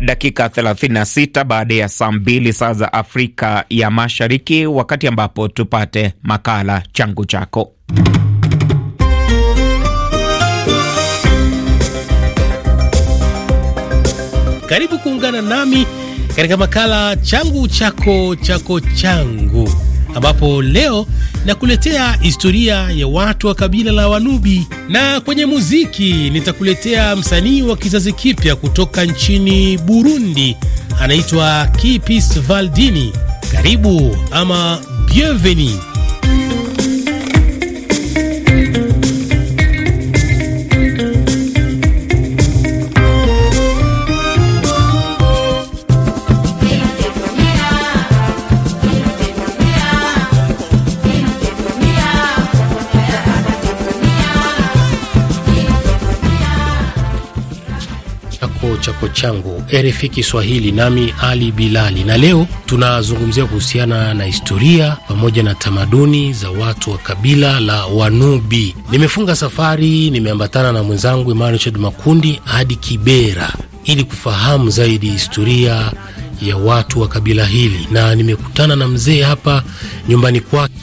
dakika 36 baada ya saa mbili saa za Afrika ya Mashariki, wakati ambapo tupate makala changu chako Karibu kuungana nami katika makala changu chako chako changu ambapo leo nakuletea historia ya watu wa kabila la Wanubi, na kwenye muziki nitakuletea msanii wa kizazi kipya kutoka nchini Burundi, anaitwa Kipis Valdini. Karibu ama bienvenue. chako changu RFI Kiswahili, nami Ali Bilali, na leo tunazungumzia kuhusiana na historia pamoja na tamaduni za watu wa kabila la Wanubi. Nimefunga safari, nimeambatana na mwenzangu Emmanuel Chad Makundi hadi Kibera ili kufahamu zaidi historia ya watu wa kabila hili, na nimekutana na mzee hapa nyumbani kwake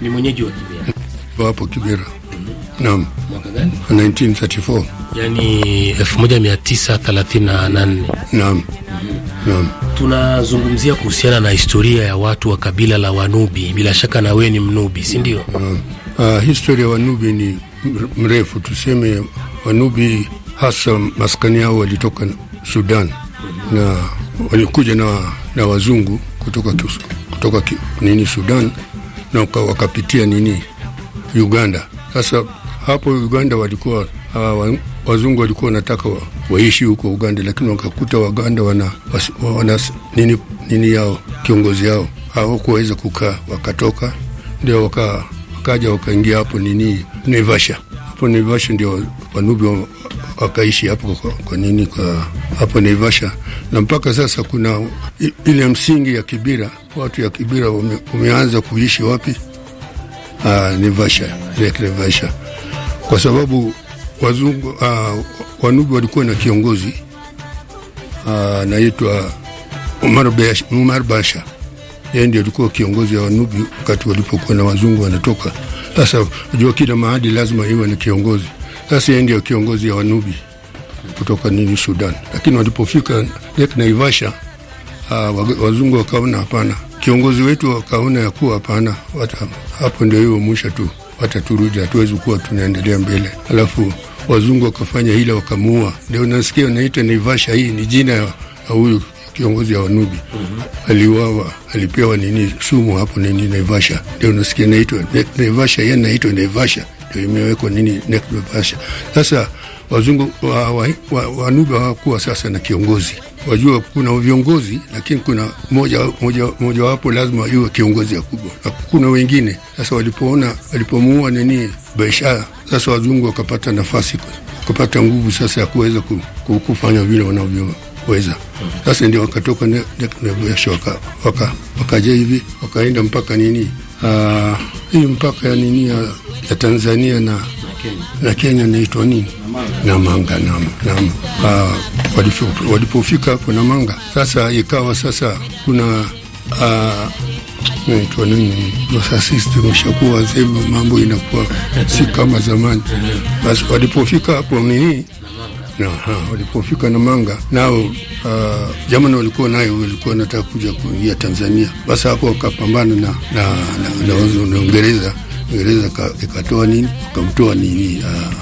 ni mwenyeji wa Kibera, wapo Kibera Naam. Mwaka gani? 1934. Yaani 1938. Naam. Naam. Tunazungumzia kuhusiana na historia ya watu wa kabila la Wanubi. Bila shaka na wewe ni Mnubi, si ndio? Naam. Uh, historia ya Wanubi ni mrefu. Tuseme Wanubi hasa maskani yao walitoka Sudan na walikuja na, na wazungu kutoka kutoka nini Sudan na wakapitia nini Uganda. Sasa hapo Uganda walikuwa uh, wazungu walikuwa wanataka wa, waishi huko Uganda, lakini wakakuta Waganda wana, wana nini, nini yao kiongozi yao hawakuweza kukaa, wakatoka ndio waka, wakaja wakaingia hapo nini Naivasha. Hapo Naivasha ndio Wanubi wakaishi hapo kwa, kwa nini kwa hapo Naivasha, na mpaka sasa kuna ile msingi ya Kibira, watu ya Kibira wameanza kuishi wapi? Aa, ah, Naivasha, Lake Naivasha kwa sababu wazungu uh, wanubi walikuwa na kiongozi ah, anaitwa uh, Umar Basha. Yeye ndiye alikuwa kiongozi wa wanubi wakati walipokuwa na wazungu wanatoka. Sasa unajua kila mahali lazima iwe na kiongozi. Sasa yeye ndiye kiongozi ya wanubi kutoka nini Sudan, lakini walipofika Lake Naivasha uh, wazungu wakaona hapana, kiongozi wetu wakaona ya kuwa hapana, hapo ndio hiyo mwisho tu wataturudi, hatuwezi kuwa tunaendelea mbele. Alafu wazungu wakafanya hila, wakamuua. Ndio nasikia unaitwa Naivasha, hii ni jina ya huyu kiongozi ya Wanubi mm -hmm. Aliuawa, alipewa nini sumu hapo nini Naivasha, ndio unasikia naitwa Naivasha, yeye naitwa Naivasha, ndio imewekwa nini Naivasha. Sasa wazungu wa, wa, wa, Wanubi hawakuwa sasa na kiongozi wajua kuna viongozi, lakini kuna moja, moja, moja wapo lazima iwe kiongozi akubwa kuna wengine sasa walipoona walipomuua nini Bashara, sasa wazungu wakapata nafasi wakapata nguvu sasa ya kuweza kufanya vile wanavyoweza. Sasa ndio wakatoka wakaja hivi wakaenda mpaka nini ah, hii mpaka ya nini ya Tanzania na na Kenya inaitwa nini, Namanga nam walipofika hapo Namanga, sasa ikawa sasa kuna ah, naitwa nini dosa system ishakuwa mambo inakuwa si kama zamani. Basi walipofika hapo nini na walipofika Namanga nao uh, walikuwa nayo walikuwa nataka kuja kuingia Tanzania. Basi hapo wakapambana na na na Uingereza, Uingereza ikatoa nini, wakamtoa nini uh, ah,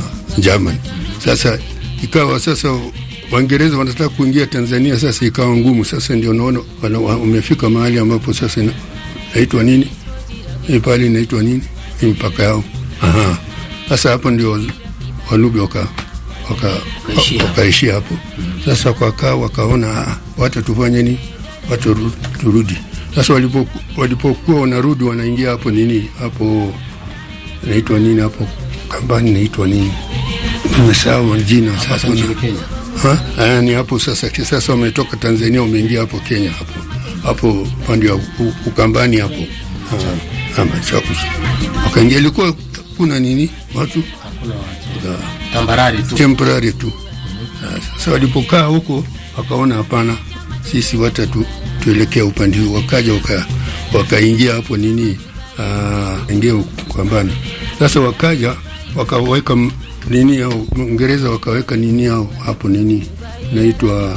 German. Sasa ikawa sasa Waingereza wanataka kuingia Tanzania, sasa ikawa ngumu. Sasa ndio naona wamefika mahali ambapo sasa naitwa nini hii pale inaitwa nini hii mpaka yao. Aha, sasa hapo ndio Walubi waka wakaishia hapo. Sasa kwakaa wakaona ah, watu tufanye nini, watu turudi. Sasa walipokuwa walipokuwa wanarudi wanaingia hapo nini hapo naitwa nini hapo kambani naitwa nini, nimesahau jina sasa. Nchini Kenya Ha? Eh, ni hapo sasa kisasa umetoka Tanzania umeingia hapo Kenya hapo hapo pande ya Ukambani hapo wakaingia, ilikuwa kuna nini watu tambarari tu, temporary tu. Sasa walipokaa huko wakaona hapana, sisi wata tu, tuelekea upande huu, wakaja wakaingia waka hapo nini, ingia Ukambani. Sasa wakaja wakaweka nini au Uingereza wakaweka nini au hapo nini naitwa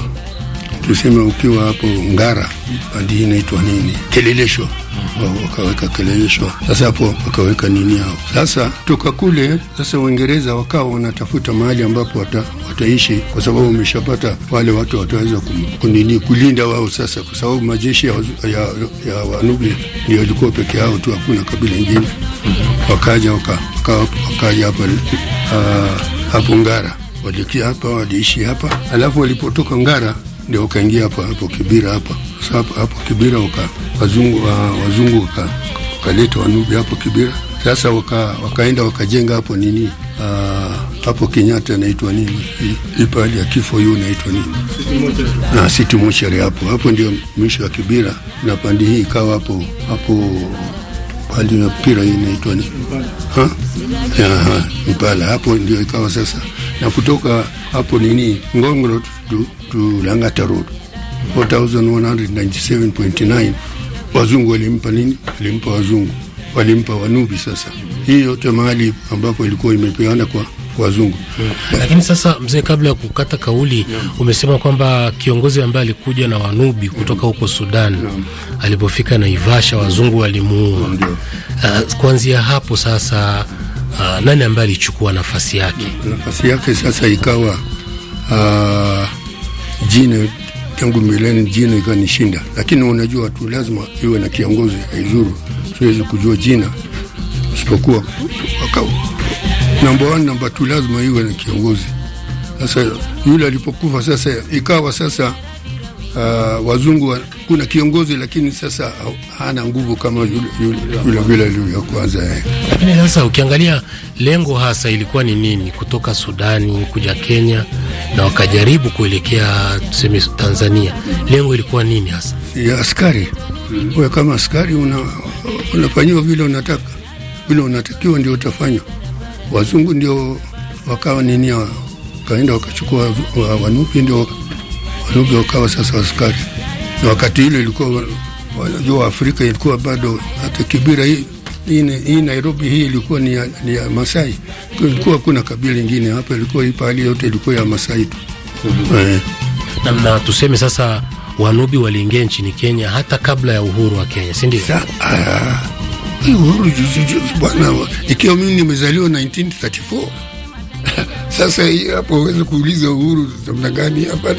tuseme, ukiwa hapo Ngara hadi inaitwa nini kelelesho mm-hmm. wakaweka kelelesho. Sasa hapo wakaweka nini au Sasa toka kule sasa Uingereza wakawa wanatafuta mahali ambapo wata, wataishi kwa sababu wameshapata wale watu wataweza kunini kulinda wao sasa, kwa sababu majeshi ya, ya, ya Wanubi ndio walikuwa peke yao tu, hakuna kabila ingine. Mm-hmm. Wakaja waka wakaja hapa ah, hapo Ngara, walikia hapa, waliishi hapa, alafu walipotoka Ngara ndio wakaingia hapa hapo Kibira hapa sasa. Hapo Kibira waka, wazungu ah, wazungu wakaleta wanubi hapo Kibira. Sasa waka, wakaenda wakajenga hapo nini ah, hapo Kenyatta inaitwa nini hii ya kifo hiyo inaitwa nini na City Mortuary hapo hapo ndio mwisho wa Kibira na pande hii ikawa hapo hapo hali ya mpira hii inaitwa ni ha? Mpala hapo ndio ikawa sasa, na kutoka hapo nini Ngongoro tulang'ata to Langata Road 4197.9 wazungu walimpa nini, walimpa wazungu, walimpa Wanubi. Sasa hii yote mahali ambapo ilikuwa imepeana kwa wazungu hmm. Lakini sasa mzee, kabla ya kukata kauli yeah. Umesema kwamba kiongozi ambaye alikuja na wanubi kutoka huko Sudan yeah. Alipofika Naivasha wazungu walimuua yeah. Uh, kuanzia hapo sasa uh, nani ambaye alichukua nafasi yake? Nafasi yake sasa ikawa uh, jine tangu mbeleni jina ikanishinda, lakini unajua tu lazima iwe na kiongozi aizuru, siwezi kujua jina isipokuwa namba wani namba tu lazima iwe na kiongozi. Sasa yule alipokufa sasa ikawa sasa uh, wazungu wa, kuna kiongozi lakini sasa hana nguvu kama yule vile yule, ya kwanza. Eh. Lakini sasa ukiangalia lengo hasa ilikuwa ni nini kutoka Sudani kuja Kenya na wakajaribu kuelekea tuseme Tanzania, lengo ilikuwa nini hasa? Ya askari Wewe kama askari una, unafanyiwa vile unataka vile unatakiwa ndio utafanywa wazungu ndio wakawa nini, wakaenda wakachukua Wanubi, ndio Wanubi wakawa sasa askari. Na wakati hilo ilikuwa wa Afrika ilikuwa bado, hata Kibira hii hii Nairobi hii ilikuwa ni ya, ni ya Masai. Ilikuwa kuna kabila lingine hapa, ilikuwa hii pahali yote ilikuwa ya Masai tu. Mhm. Eh, na tuseme sasa Wanubi waliingia nchini Kenya hata kabla ya uhuru wa Kenya, si ndio? Ah uhuru bwana, ikiwa mimi nimezaliwa 1934 Sasa hii hapo uweze kuuliza uhuru namna gani? Hapa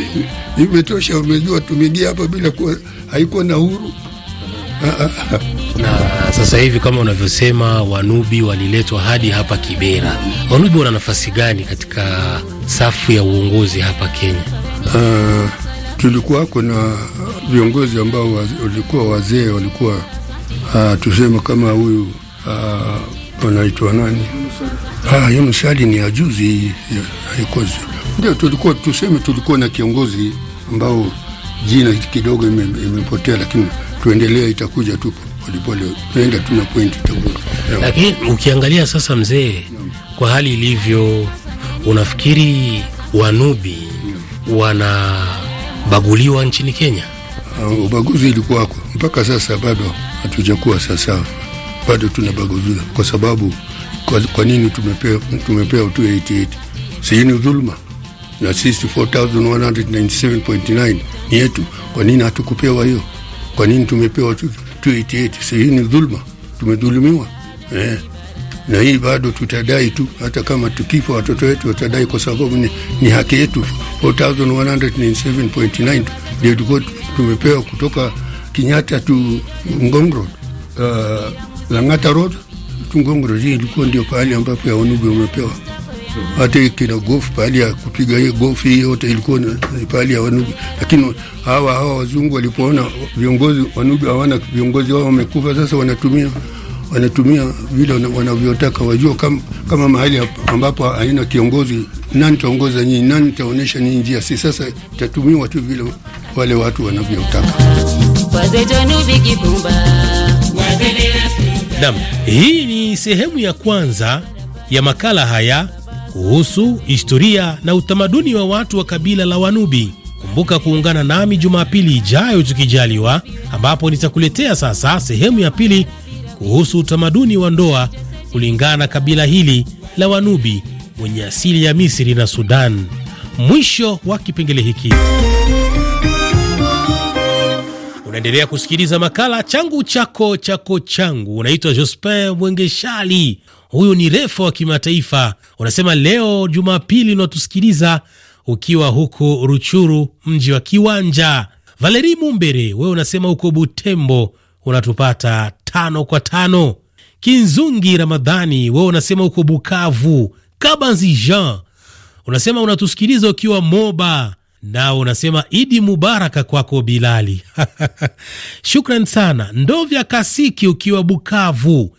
imetosha, umejua tumeingia hapa bila kuwa, haikuwa na uhuru na sasa hivi kama unavyosema Wanubi waliletwa hadi hapa Kibera. Wanubi wana nafasi gani katika safu ya uongozi hapa Kenya? Uh, ah, tulikuwa kuna viongozi ambao walikuwa wazee walikuwa uh, tuseme kama huyu uh, anaitwa nani uh, ah, Yunus Ali ni ajuzi haikozi, ndio tulikuwa tuseme, tulikuwa na kiongozi ambao jina kidogo imepotea ime, lakini tuendelea, itakuja tu polepole, tuenda tuna point itakuja. Lakini ukiangalia sasa, mzee, kwa hali ilivyo, unafikiri wanubi wanabaguliwa nchini Kenya? ubaguzi ilikuwako mpaka sasa, bado hatujakuwa sasa bado tunabaguziwa kwa sababu kwa, kwa nini tumepewa tumepewa 288 si ni dhuluma? Na sisi 4197.9 ni yetu, kwa nini hatukupewa hiyo? Kwa nini tumepewa 288? Si ni dhuluma? Tumedhulumiwa eh. Na hii bado tutadai tu, hata kama tukifa watoto wetu watadai, kwa sababu ni, ni haki yetu 4197.9 ndio tumepewa kutoka Kinyata tu Ngong Road, uh, Lang'ata Road tu Ngong Road. Hii ilikuwa ndio pahali ambapo ya Onubi umepewa hata kina golf pahali ya kupiga hiyo golf, hii yote ilikuwa ni pahali ya Wanubi. Lakini hawa hawa wazungu walipoona viongozi Wanubi hawana viongozi wao wamekufa, sasa wanatumia wanatumia vile wanavyotaka, wajua kam, kama mahali ambapo haina kiongozi, nani taongoza nyinyi? Nani taonyesha nyinyi njia? Si sasa tatumiwa tu vile wale watu wanavyotaka. Nam, hii ni sehemu ya kwanza ya makala haya kuhusu historia na utamaduni wa watu wa kabila la Wanubi. Kumbuka kuungana nami Jumapili ijayo tukijaliwa, ambapo nitakuletea sasa sehemu ya pili kuhusu utamaduni wa ndoa kulingana na kabila hili la Wanubi wenye asili ya Misri na Sudan. Mwisho wa kipengele hiki. Unaendelea kusikiliza makala changu chako chako changu. Unaitwa Jospin Mwengeshali, huyu ni refa wa kimataifa. Unasema leo Jumapili unatusikiliza ukiwa huko Ruchuru, mji wa Kiwanja. Valeri Mumbere, wewe unasema huko Butembo unatupata tano kwa tano. Kinzungi Ramadhani, wewe unasema huko Bukavu. Kabanzi Jean unasema unatusikiliza ukiwa Moba nao unasema Idi mubaraka kwako Bilali. Shukran sana Ndovya Kasiki ukiwa Bukavu,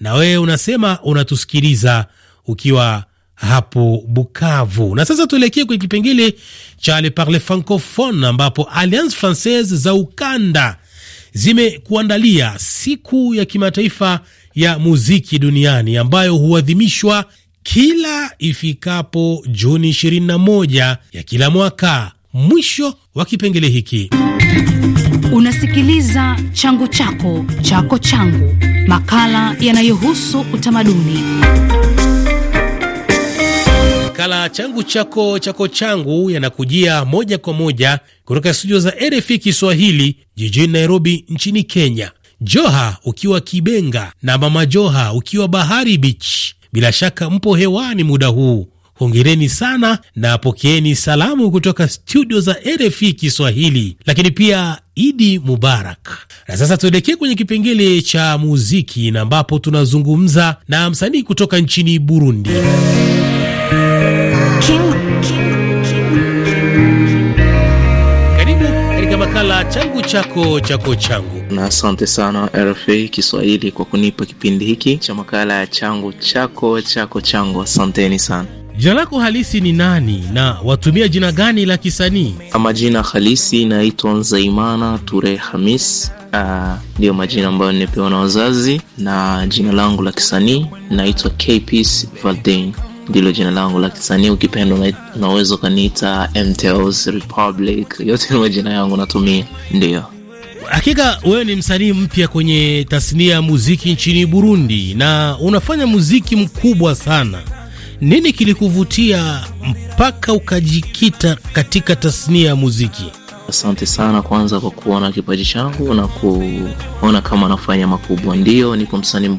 na wewe unasema unatusikiliza ukiwa hapo Bukavu. Na sasa tuelekee kwenye kipengele cha Le Parle Francophone, ambapo Alliance Francaise za ukanda zimekuandalia siku ya kimataifa ya muziki duniani ambayo huadhimishwa kila ifikapo Juni 21 ya kila mwaka. Mwisho wa kipengele hiki. Unasikiliza changu chako chako changu, makala yanayohusu utamaduni. Makala changu chako chako changu yanakujia moja kwa moja kutoka studio za RFI Kiswahili jijini Nairobi nchini Kenya. Joha ukiwa Kibenga na Mama Joha ukiwa Bahari Beach bila shaka mpo hewani muda huu, hongereni sana na pokeeni salamu kutoka studio za RFI Kiswahili, lakini pia Idi Mubarak. Na sasa tuelekee kwenye kipengele cha muziki na ambapo tunazungumza na msanii kutoka nchini Burundi makala changu chako chako changu, na asante sana RFA Kiswahili kwa kunipa kipindi hiki cha makala ya changu chako chako changu. Asanteni sana. Jina lako halisi ni nani na watumia jina gani la kisanii? Majina halisi naitwa Nzaimana Ture Hamis. Ah, Ndiyo majina ambayo nimepewa na wazazi, na jina langu la kisanii naitwa KPC Valdain ndilo jina langu la kisanii ukipendwa unaweza ukaniita mtels republic yote ni majina yangu natumia ndio Hakika wewe ni msanii mpya kwenye tasnia ya muziki nchini Burundi na unafanya muziki mkubwa sana. Nini kilikuvutia mpaka ukajikita katika tasnia ya muziki? Asante sana kwanza kwa kuona kipaji changu na kuona kama nafanya makubwa. Ndiyo, niko msanii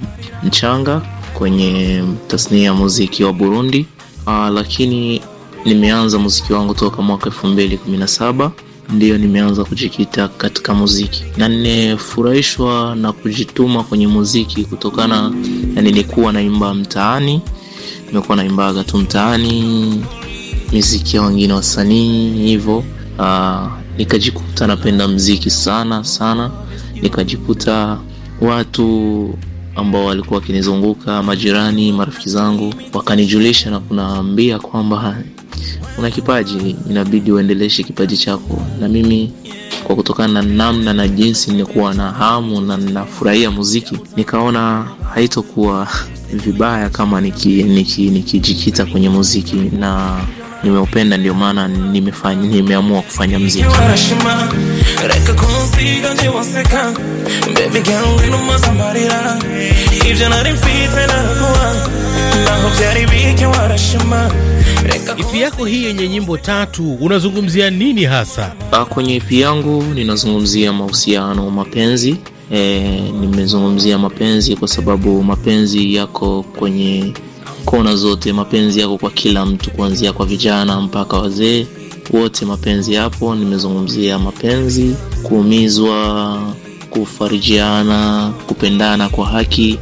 mchanga kwenye tasnia ya muziki wa Burundi. uh, lakini nimeanza muziki wangu toka mwaka elfu mbili kumi na saba ndiyo nimeanza kujikita katika muziki na nimefurahishwa na kujituma kwenye muziki kutokana, na nilikuwa naimba mtaani, nimekuwa naimbaga tu mtaani miziki ya wengine wasanii hivyo. Uh, ah, nikajikuta napenda mziki sana sana, nikajikuta watu ambao walikuwa wakinizunguka, majirani, marafiki zangu, wakanijulisha na kunaambia kwamba una kipaji, inabidi uendeleshe kipaji chako. Na mimi kwa kutokana na namna na jinsi nilikuwa na hamu na nafurahia muziki, nikaona haitokuwa vibaya kama nikijikita niki, niki, kwenye muziki na nimeupenda, ndio maana nimefanya, nimeamua kufanya mziki. yako hii yenye nyimbo tatu unazungumzia nini hasa? Ah, kwenye ipi yangu ninazungumzia mahusiano, mapenzi E, nimezungumzia mapenzi kwa sababu mapenzi yako kwenye kona zote, mapenzi yako kwa kila mtu, kuanzia kwa vijana mpaka wazee wote. Mapenzi hapo nimezungumzia mapenzi, kuumizwa, kufarijiana, kupendana kwa haki,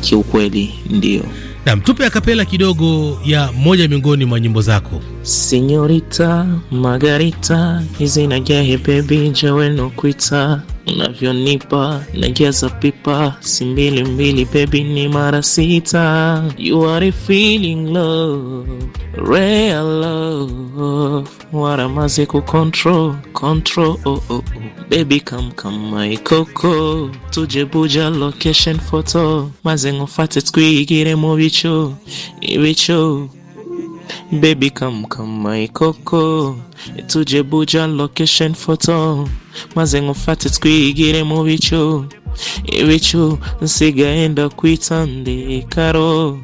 kiukweli ndio na mtupe akapela kidogo ya moja miongoni mwa nyimbo zako. Senyorita Margarita izinajahe bebi jaweno kwita unavyonipa najaza pipa si mbili mbili bebi ni mara sita you are feeling love real love waramaze ku control control oh, oh, oh. baby come come my coco tuje buja location photo maze ngufate twigire mu bicho ibicho Baby, come, come, my coco. Etu Jebuja location photo. Mazengo fati tukuigire mu bicu. Ibicu nsigaenda kwitande karo.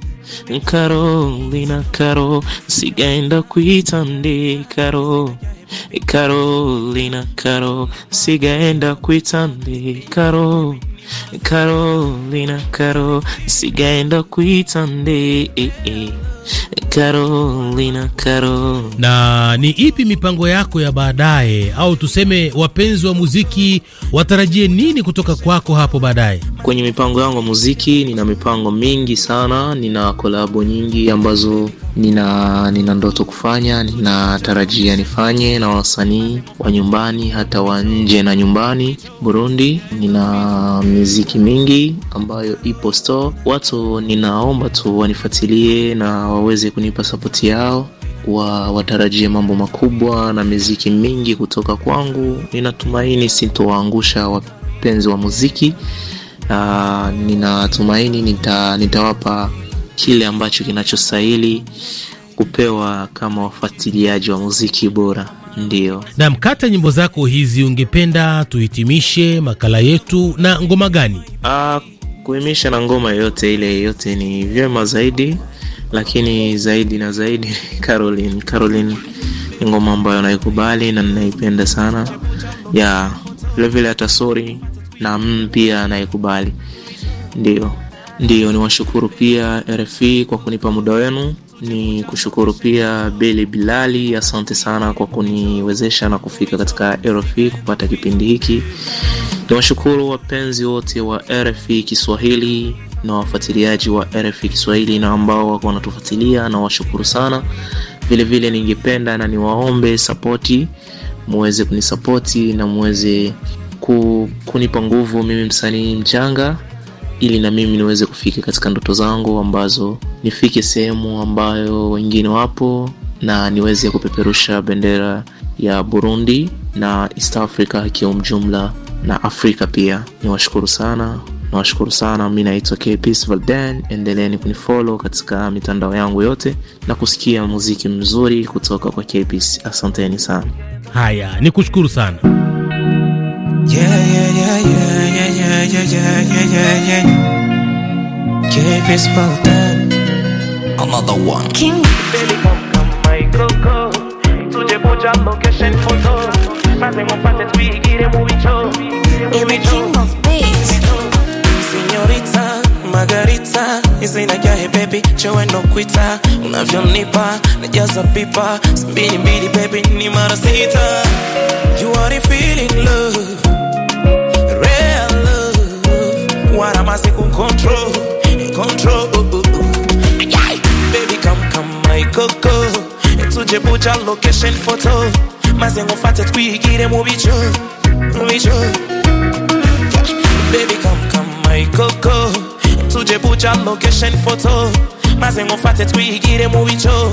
Carolina Caro, sigaenda kwitande Caro. Carolina Caro, sigaenda kwitande Caro. Carolina Caro, sigaenda kwitande eh, eh. Carolina, Carolina. Na ni ipi mipango yako ya baadaye, au tuseme wapenzi wa muziki watarajie nini kutoka kwako hapo baadaye? Kwenye mipango yangu ya muziki, nina mipango mingi sana, nina kolabo nyingi ambazo nina nina ndoto kufanya, ninatarajia nifanye na wasanii wa nyumbani hata wa nje na nyumbani Burundi. Nina miziki mingi ambayo ipo store, watu ninaomba tu wanifuatilie na waweze kuni kunipa sapoti yao wa watarajie mambo makubwa na miziki mingi kutoka kwangu ninatumaini sitowaangusha wapenzi wa muziki uh, ninatumaini nita, nitawapa kile ambacho kinachostahili kupewa kama wafuatiliaji wa muziki bora ndio na mkata nyimbo zako hizi ungependa tuhitimishe makala yetu na ngoma gani uh, ah, kuhimisha na ngoma yoyote ile yeyote ni vyema zaidi lakini zaidi na zaidi Caroline. Caroline ni ngoma ambayo naikubali na ninaipenda sana ya vilevile, hata sori na pia naikubali. Ndio, ndio, niwashukuru pia RFI kwa kunipa muda wenu ni kushukuru pia Beli Bilali, asante sana kwa kuniwezesha na kufika katika RFI kupata kipindi hiki. Niwashukuru wapenzi wote wa RFI Kiswahili na wafuatiliaji wa rf Kiswahili na ambao wako wanatufuatilia na washukuru sana. Vile vile ningependa na niwaombe sapoti, muweze kunisapoti na muweze ku, kunipa nguvu mimi msanii mchanga ili na mimi niweze kufika katika ndoto zangu ambazo nifike sehemu ambayo wengine wapo na niweze kupeperusha bendera ya Burundi na East Africa kiumjumla na Afrika pia. Niwashukuru sana nawashukuru sana mi naitwa kps valdan endeleeni kunifollow katika mitandao yangu yote na kusikia muziki mzuri kutoka kwa kps asanteni sana haya ni kushukuru sana another one King. Señorita, Margarita, is in hizi inajahe baby, and chewe ndo kuita, unavyonipa najaza pipa, Spinny mbili baby ni mara sita. You are feeling love, real love, what am I control, control. Baby come come my coco, It's a Jebuja location photo, mazengo fatet, we get a movie show. Baby come My coco, tuje bucha location photo. Mazengo fate twigire muwicho,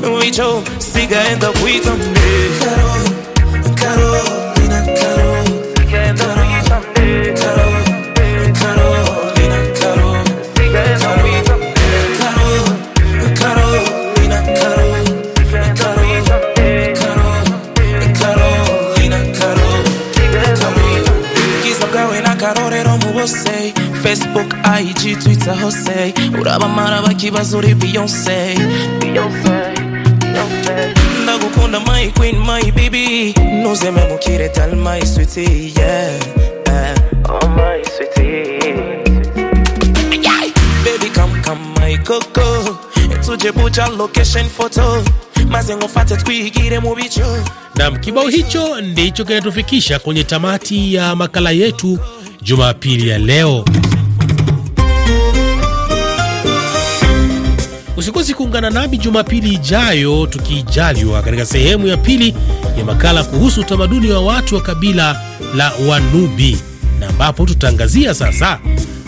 muwicho, siga enda kuitonde. Karo, karo. Facebook, IG, Twitter, Jose urabamara bakibaza uri Beyonce ndagukunda my queen my baby ntuzeme mukire tell my sweetie yeah, yeah. Oh my sweetie yeah. Baby come come my coco tuje buja location photo maze ngufate twigire mu bico nam kibao hicho ndicho kinatufikisha kwenye tamati ya makala yetu Jumapili ya leo. usikosi kuungana nami Jumapili ijayo tukijaliwa, katika sehemu ya pili ya makala kuhusu utamaduni wa watu wa kabila la Wanubi, na ambapo tutaangazia sasa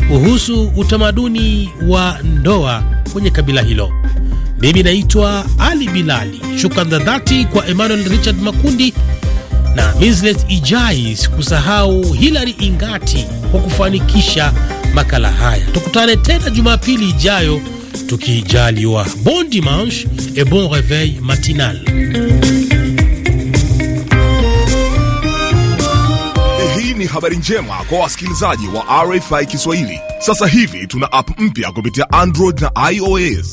kuhusu utamaduni wa ndoa kwenye kabila hilo. Mimi naitwa Ali Bilali. Shukran za dhati kwa Emmanuel Richard Makundi na Mislet Ijai, sikusahau Hilary Ingati kwa kufanikisha makala haya. Tukutane tena Jumapili ijayo tukijaliwa. Bon dimanche et bon réveil matinal. Ni habari njema kwa wasikilizaji wa RFI Kiswahili. Sasa hivi tuna app mpya kupitia Android na iOS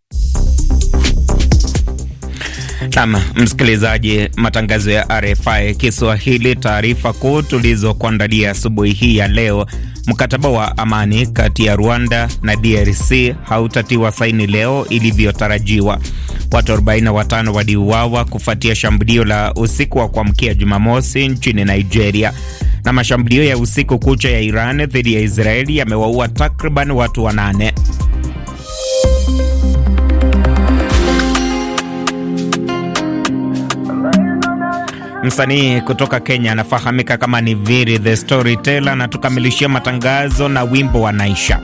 Nam msikilizaji, matangazo ya RFI Kiswahili, taarifa kuu tulizokuandalia asubuhi hii ya leo. Mkataba wa amani kati ya Rwanda na DRC hautatiwa saini leo ilivyotarajiwa. Watu 45 waliuawa kufuatia shambulio la usiku wa kuamkia Jumamosi nchini Nigeria. Na mashambulio ya usiku kucha ya Iran dhidi ya Israeli yamewaua takriban watu wanane. Msanii kutoka Kenya anafahamika kama Niviri the Storyteller, tukamilishia matangazo na wimbo wa Naisha.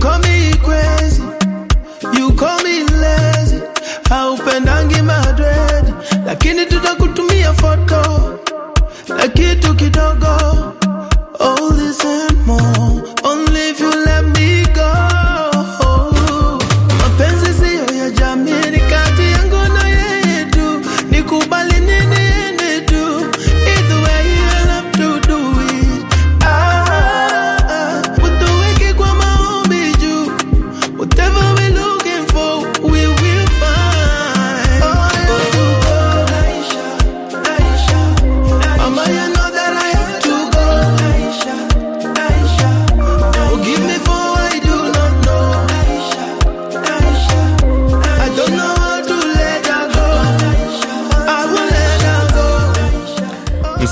call me crazy, you call me Haupendangi madred, lakini tutakutumia foto na kitu kidogo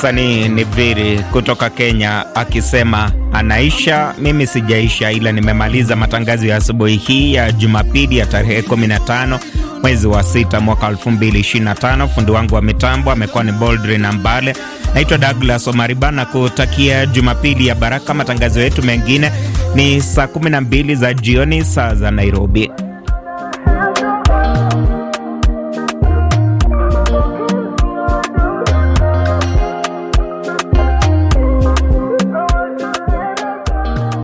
Msanii ni Viri kutoka Kenya akisema anaisha, mimi sijaisha, ila nimemaliza matangazo ya asubuhi hii ya Jumapili ya tarehe 15 mwezi wa 6 mwaka 2025. Fundi wangu wa mitambo amekuwa ni Boldrin Ambale. Naitwa Douglas Omariba na kutakia Jumapili ya baraka. Matangazo yetu mengine ni saa 12 za jioni saa za Nairobi.